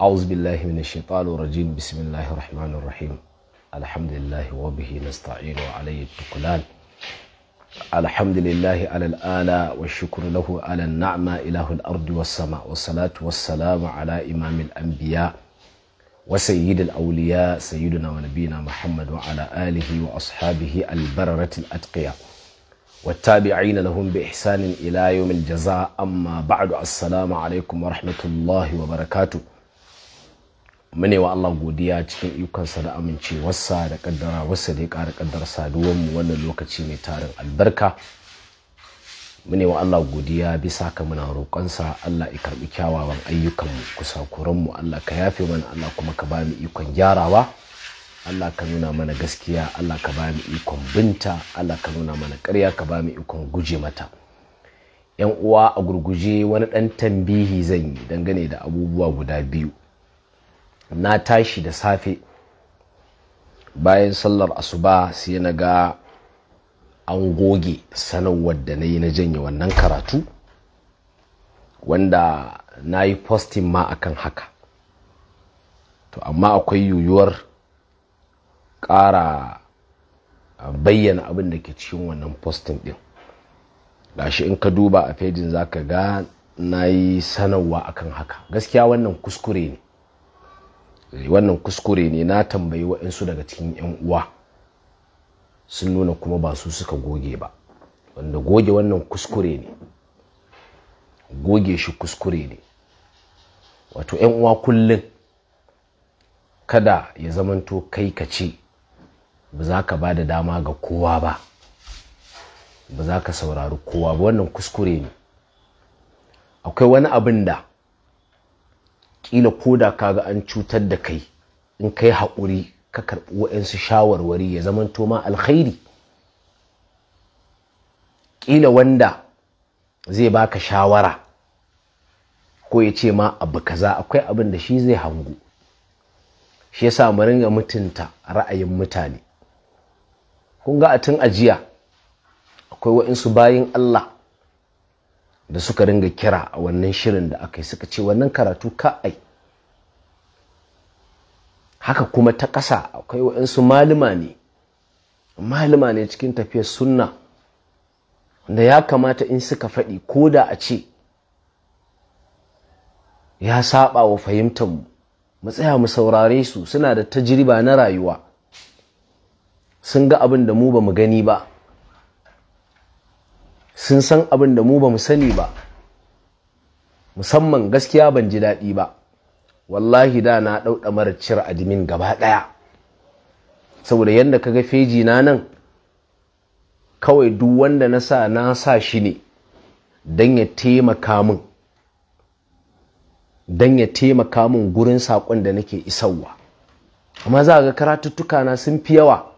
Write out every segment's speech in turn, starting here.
أعوذ بالله من الشيطان الرجيم بسم الله الرحمن الرحيم الحمد لله وبه نستعين وعليه التقلال الحمد لله على الآلاء والشكر له على النعمة إله الأرض والسماء والصلاة والسلام على إمام الأنبياء وسيد الأولياء سيدنا ونبينا محمد وعلى آله وأصحابه البررة الأتقياء والتابعين لهم بإحسان إلى يوم الجزاء أما بعد السلام عليكم ورحمة الله وبركاته mune wa Allah godiya cikin ikonsa da amincewarsa da kaddara wasa da ya ƙara kaddara saduwanmu wannan lokaci mai tarin albarka mune wa Allah godiya bisa ka muna roƙonsa Allah ya karɓi kyawawan ayyukanmu kuranmu Allah ka yafe mana Allah kuma ka ba mu ikon gyarawa Allah ka nuna mana gaskiya Allah ka ba mu ikon binta Allah ka nuna mana ƙarya ka ba mu ikon guje mata yan uwa a gurguje wani ɗan tambihi zan yi dangane da abubuwa guda biyu na tashi da safe bayan sallar asuba sai na ga an goge sanarwar da na yi na janye wannan karatu wanda na yi postin ma akan haka to amma akwai yiwuwar ƙara bayyana abin da ke cikin wannan postin ɗin gashi in ka duba a fejin za ka ga na yi sanarwa akan haka gaskiya wannan kuskure ne Eh, wannan kuskure ne na tambayi waɗansu daga cikin 'yan uwa sun nuna kuma ba su suka goge ba wanda goge wannan kuskure ne goge shi kuskure ne wato 'yan uwa kullum kada ya zamanto kai ka ce ba za ka ba da dama ga kowa ba ba za ka saurari kowa ba wannan kuskure ne akwai wani abin da kila ko da ka ga an cutar da kai in kai haƙuri ka karɓi waɗansu shawarwari ya zama ma alkhairi kila wanda zai baka shawara ko ya ce ma abu kaza akwai abin da shi zai hangu shi yasa mu ringa mutunta ra'ayin mutane kun ga a tun ajiya akwai waɗansu bayin Allah da suka ringa kira a wannan shirin da aka yi suka ce wannan karatu ka'ai haka kuma ta ƙasa akwai waɗansu malima ne Malima ne cikin tafiyar sunna da ya kamata in suka faɗi ko da a ce ya saba wa fahimtar mu tsaya mu saurare su suna da tajiriba na rayuwa sun ga abin da mu ba mu gani ba sun san abin da mu ba mu sani ba musamman gaskiya ban ji daɗi ba wallahi da na ɗauɗa mara cir admin gaba ɗaya saboda yadda ka ga feji na nan kawai duk wanda na sa na sa shi ne don ya taimaka min don ya taimaka min gurin saƙon da nake isarwa amma za ga karatuttuka na sun fi yawa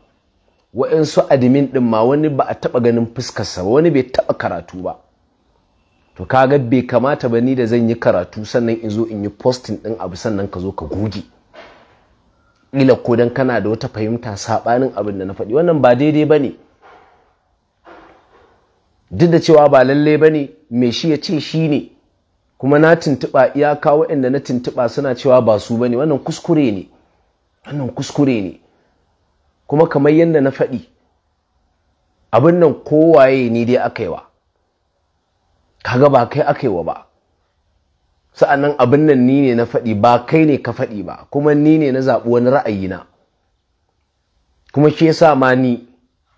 waɗansu admin ɗin ma wani ba a taɓa ganin fuskarsa ba wani bai taɓa karatu ba to kaga bai kamata ba ni da zan yi karatu sannan in zo in yi posting ɗin abu sannan ka zo ka goge Ila ko dan kana da wata fahimta saɓanin abin da na faɗi wannan ba daidai ba ne duk da cewa ba lallai ba ne mai shi ya ce shi ne kuma na tuntuɓa iyaka waɗanda na tuntuɓa suna cewa ba su ba ne wannan kuskure ne wannan kuskure ne kuma kamar yadda na faɗi abin nan kowaye ni dai aka yi wa kaga ba kai aka yi wa ba nan abin nan ni ne na faɗi ba kai ne ka faɗi ba kuma ni ne na zaɓi wani ra'ayi na, kuma shi yasa ma ni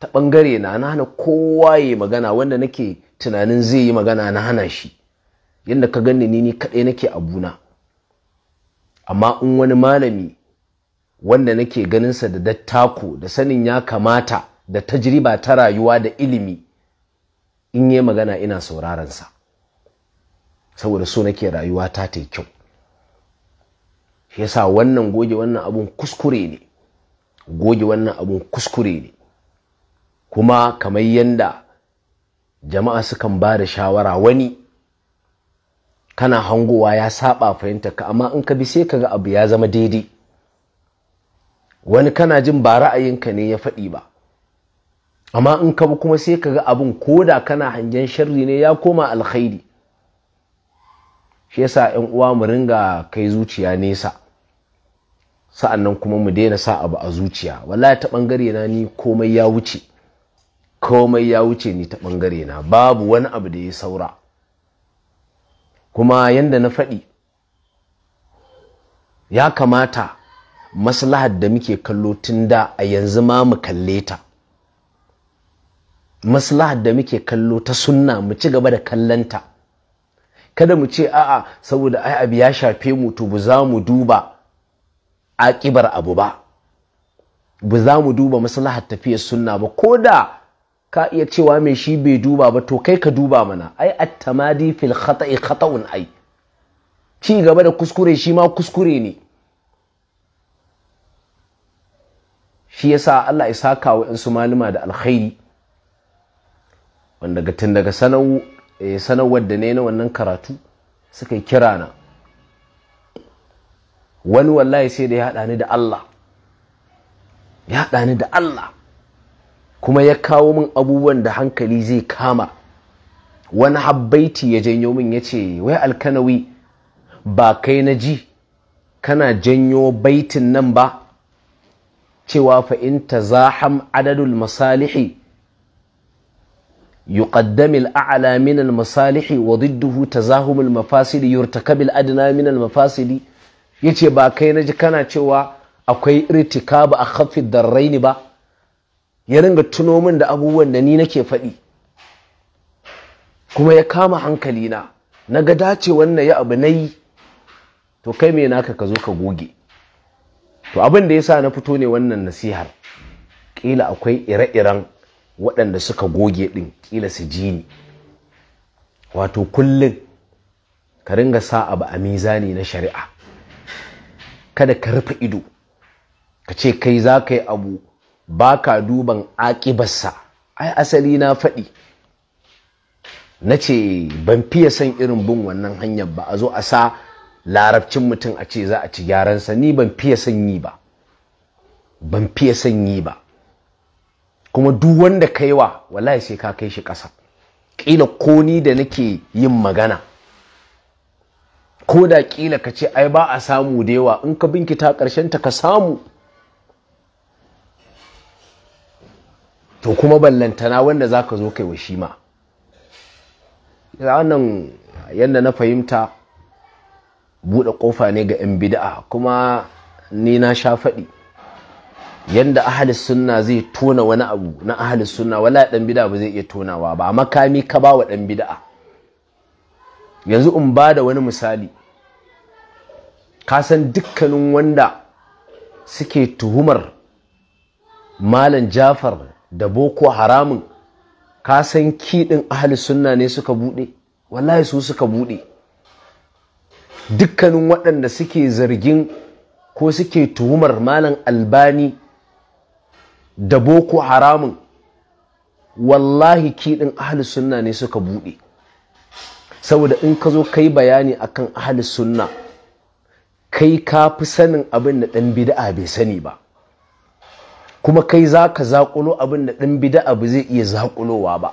ta ɓangare na na hana kowaye magana wanda nake tunanin zai yi magana na hana shi yadda ka gani ni ni kaɗai nake abuna amma in wani malami wanda nake ganinsa da dattako da sanin ya kamata da tajriba ta rayuwa da ilimi in yi magana ina saurarensa saboda so nake rayuwa ta ta kyau shi yasa wannan goge wannan abun kuskure ne goge wannan abun kuskure ne kuma kamar yanda jama'a sukan ba da shawara wani kana hangowa ya saba fahimta ka amma in ka bi sai ka ga abu ya zama daidai wani kana jin ba ra'ayinka ne ya faɗi ba amma in ka bi kuma sai ka ga abin da kana hangen sharri ne ya koma alkhairi shi yasa 'yan uwa mu ringa kai zuciya nesa sa'annan kuma mu daina sa abu a zuciya wallahi ta bangare na ni komai ya wuce komai ya wuce ni ta bangare na babu wani abu da ya saura kuma yadda na faɗi ya kamata maslahar da muke kallo tun da a yanzu ma mu kalle ta maslahar da muke kallo ta sunna mu ci gaba da kallanta kada mu ce a'a saboda ai abu ya shafe mu to bu za mu duba aƙibar abu ba bu za mu duba maslahar tafiyar sunna ba ko da ka iya cewa mai shi bai duba ba to kai ka duba mana ai atamadi fil khata'i khata'un ai ci gaba da kuskure shi ma kuskure ne shi yasa Allah ya saka wa insu maluma da alkhairi wanda tun daga sanarwar eh, da ne na wannan karatu suka yi kira na wani wallahi sai da ya haɗa ni da Allah ya haɗa ni da Allah kuma ya kawo min abubuwan da hankali zai kama wani habbaiti ya janyo min ya ce wai alkanawi ba kai na ji kana janyo baitin nan ba cewa fa in tazaham adadul masalihi يقدم الأعلى من المصالح وضده mafasidi yurtakabil adna min al mafasidi yace ba kai naji kana cewa akwai irtikabu a khaffi darraini ba ya ringa tuno min da abubuwan da ni nake faɗi kuma ya kama hankali na ga dace wannan ya abu nayi to kai me naka ka zo ka goge to abin da yasa na fito ne wannan nasihar kila akwai ire-iren waɗanda suka goge ɗin kila su ji ni wato kullum ka ringa sa abu a mizani na shari'a kada ka rufe ido ka ce kai za ka yi abu ba ka duban aƙibarsa ai asali na faɗi na ce ban fiye son irin bin wannan hanyar ba a zo a sa larabcin mutum a ce za a ci gyaran sa, ni ban fiye sanyi ba ban fiye sanyi ba kuma duk wanda ka yi wa wallahi sai ka kai shi ƙasa ƙila ko ni da nake yin magana ko da ƙila ka ce ai ba a samu da yawa in ka binkita ta ka samu to kuma ballantana wanda za ka zo kai wa shi ma wannan yadda na fahimta buɗe ƙofa ne ga 'yan bida'a kuma ni na sha faɗi Yadda ahalis sunna zai tona wani abu na ahalis sunna wala ɗan bida'a ba zai iya tonawa ba makami ka ba wa ɗan bida'a yanzu in ba da wani misali ka san dukkanin wanda suke tuhumar malam jafar da boko haramun ka san kiɗin ahalis sunna ne suka buɗe wallahi su suka buɗe dukkanin waɗanda suke zargin ko suke tuhumar malam albani da boko haramun wallahi kiɗin ahli sunna ne suka buɗe saboda in ka zo kai bayani akan ahli sunna kai ka fi sanin abin da ɗan bida'a bai sani ba kuma kai za ka zaƙulo abin da ɗan bida'a ba zai iya zaƙulowa ba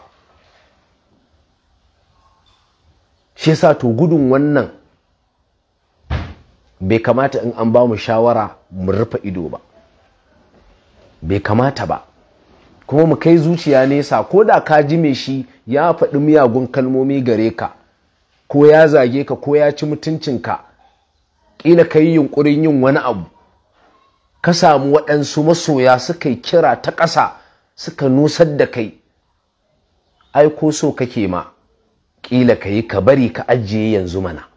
shi yasa to gudun wannan bai kamata in an ba mu shawara mu rufe ido ba bai kamata ba kuma mu kai zuciya nesa ko da ka ji mai shi ya faɗi miyagun kalmomi gare ka ko ya zage ka ko ya ci mutuncinka ƙila ka yi yunƙurin yin wani abu ka samu waɗansu masoya suka yi kira ta ƙasa suka nusar da kai ai ko so kake ma ƙila ka yi ka bari ka ajiye yanzu mana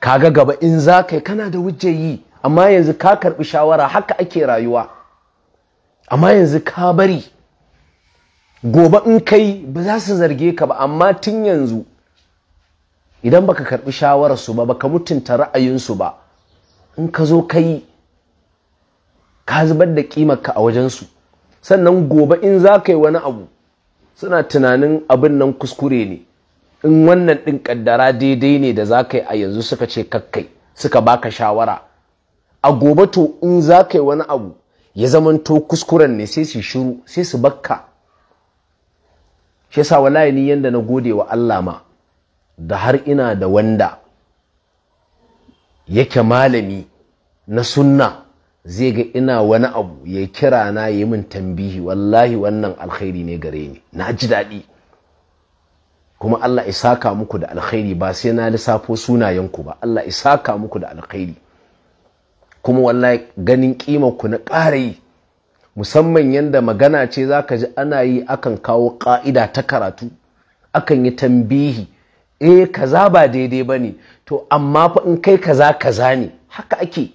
kaga gaba in za ka yi kana da wujje yi amma yanzu ka karɓi shawara haka ake rayuwa amma yanzu ka bari gobe in kai ba za su zarge ka ba amma tun yanzu idan baka karɓi su ba baka mutunta ra'ayinsu ba in ka zo ka yi ka zubar da ƙimarka a wajensu sannan gobe in za ka yi wani abu suna tunanin abin nan kuskure ne in wannan ɗin ƙaddara daidai ne da za ka yi a yanzu suka ce kakkai suka baka shawara a gobe to in za ka yi wani abu ya zama to kuskuren ne sai su shiru sai su bakka shi yasa wallahi ni yanda na gode wa Allah ma da har ina da wanda yake malami na sunna zai ga ina wani abu ya kira na yi min tambihi wallahi wannan alkhairi ne gare ni na ji daɗi kuma Allah ya saka muku da alkhairi ba sai na lissafo sunayenku ba Allah ya saka muku da alkhairi kuma wallahi ganin ku na ƙara yi musamman yanda magana ce za ka ji ana yi akan kawo ƙa'ida ta karatu akan yi tambihi eh kaza ba daidai ba ne to amma fa in kai kaza kaza ne haka ake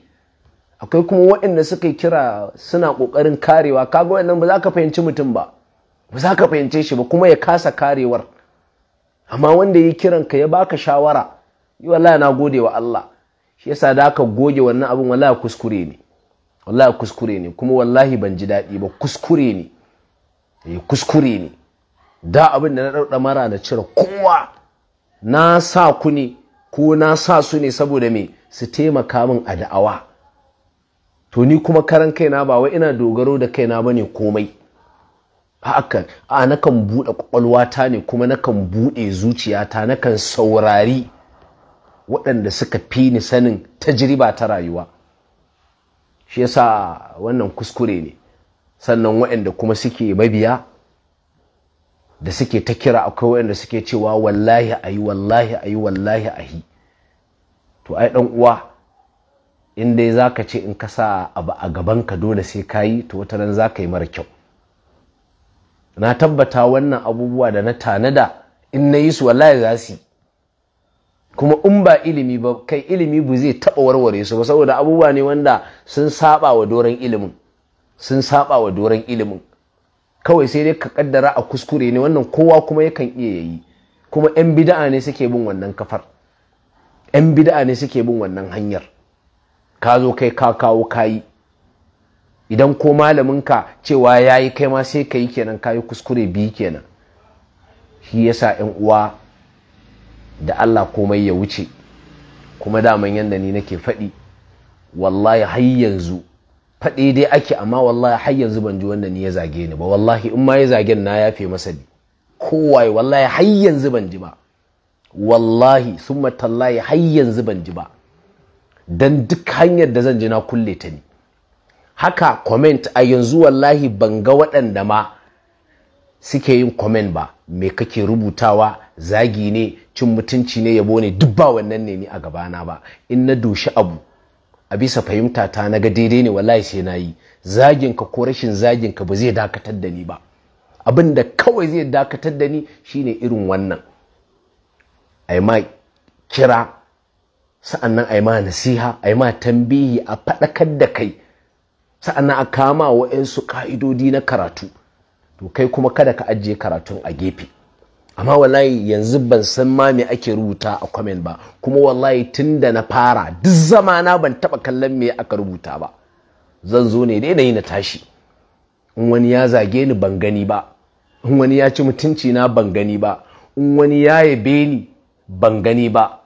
akwai kuma waɗanda suka kira suna ƙoƙarin karewa kaga wannan ba za ka fahimci mutum ba ba za ka fahimce shi ba kuma ya kasa karewar amma wanda ya kiran ka ya baka shawara yi wallahi na gode wa Allah shi yasa da aka goge wannan abin wallahi kuskure ne wallahi kuskure ne kuma wallahi ban ji daɗi ba kuskure ne eh kuskure ne da abin da na ɗauɗa mara na cire kowa na sa ku ne ko na sa su ne saboda me su taimaka min a da'awa to ni kuma karan kaina ba wai ina dogaro da kaina bane komai Hakan a nakan buɗe ƙwaƙwalwata ne kuma nakan buɗe zuciyata nakan saurari waɗanda suka fi ni sanin tajiriba ta rayuwa shi yasa wannan kuskure ne sannan waɗanda kuma suke mabiya da suke ta kira akwai waɗanda suke cewa wallahi ayi wallahi ayi wallahi ahi to ai ɗan uwa in dai ka ce in ka sa abu a gabanka dole sai ka yi to wata nan za ka yi mara kyau na tabbata wannan abubuwa da na tanada in na yi su wallahi za su kuma in ba ilimi ba kai ilimi ba zai taɓa warware su ba saboda abubuwa ne wanda sun saba wa doron ilimin sun saba wa doron ilimin kawai sai dai ka kaddara a kuskure ne wannan kowa kuma yakan iya yayi kuma yan bida'a ne suke bin wannan kafar yan bida'a ne suke bin wannan hanyar ka zo kai ka kawo kayi idan ko malaminka cewa ya yi kai ma sai ka yi kenan ka yi kuskure biyu kenan shi ya sa yan uwa da Allah komai ya wuce kuma daman yadda ni nake faɗi wallahi har yanzu faɗi dai ake amma wallahi har yanzu ban ji wanda ni ya zage ni ba wallahi in ma ya zagen na yafe masa ne kowai wallahi har yanzu ban ji ba wallahi sun matallahi har yanzu ban ji ba Don duk hanyar da zan ji na kulle ta ne haka comment a yanzu wallahi ban ga waɗanda ma suke yin comment ba me kake rubutawa zagi ne cin mutunci ne yabo ne duk ba wannan ne ni a gabana ba in na doshi abu a bisa fahimta ta na ga daidai ne wallahi sai na yi zagin ka ko rashin zagin ka ba zai dakatar da ni ba abin da kawai zai dakatar da ni shine irin wannan ai ma kira sa'annan ai ma nasiha ai ma tambihi a faɗakar da kai sa'annan a kama wa'yansu ka'idodi na karatu to kai kuma kada ka ajiye karatun a gefe amma wallahi yanzu ban san ma me ake rubuta a comment ba kuma wallahi da na fara duk zamana ban taba kallon me aka rubuta ba zan zo ne dai na yi na tashi in wani ya zage ni ban gani ba in wani ya ci mutunci na ban gani ba in wani ya yabe ni ban gani ba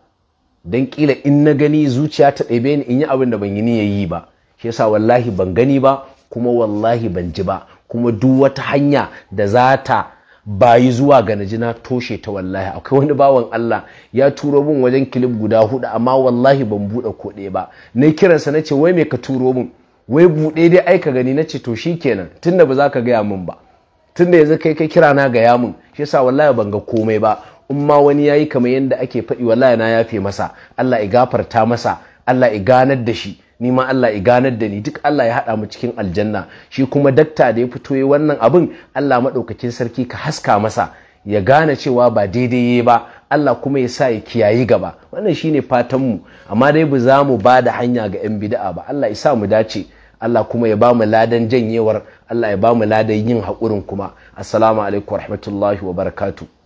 dan kila in na gani zuciya ta ɗebe ni in yi abin da ban yi ni ya yi ba shi yasa wallahi ban gani ba kuma wallahi ban ji ba kuma duk wata hanya da za ta bayi zuwa ga najina toshe ta wallahi akwai wani bawan Allah ya turo min wajen kilif guda hudu amma wallahi ban buɗe ko ɗaya ba na kiransa na ce wai me ka turo min wai buɗe dai aika gani na ce to shi kenan tunda ba za ka gaya min ba tunda yanzu kai kai kira na gaya min shi yasa wallahi ban ga komai ba in ma wani yayi kamar yadda ake faɗi wallahi na yafe masa Allah ya gafarta masa Allah ya ganar da shi ni ma Allah ya ganar da ni duk Allah ya haɗa mu cikin aljanna shi kuma dakta da ya fito ya wannan abin Allah madaukakin sarki ka haska masa ya gane cewa ba daidai ba Allah kuma ya sa ya kiyayi gaba wannan shine fatan mu amma dai ba za mu ba da hanya ga 'yan bida'a ba Allah ya sa mu dace Allah kuma ya ba mu ladan janyewar Allah ya ba mu ladan yin hakurin kuma assalamu alaikum warahmatullahi wabarakatuh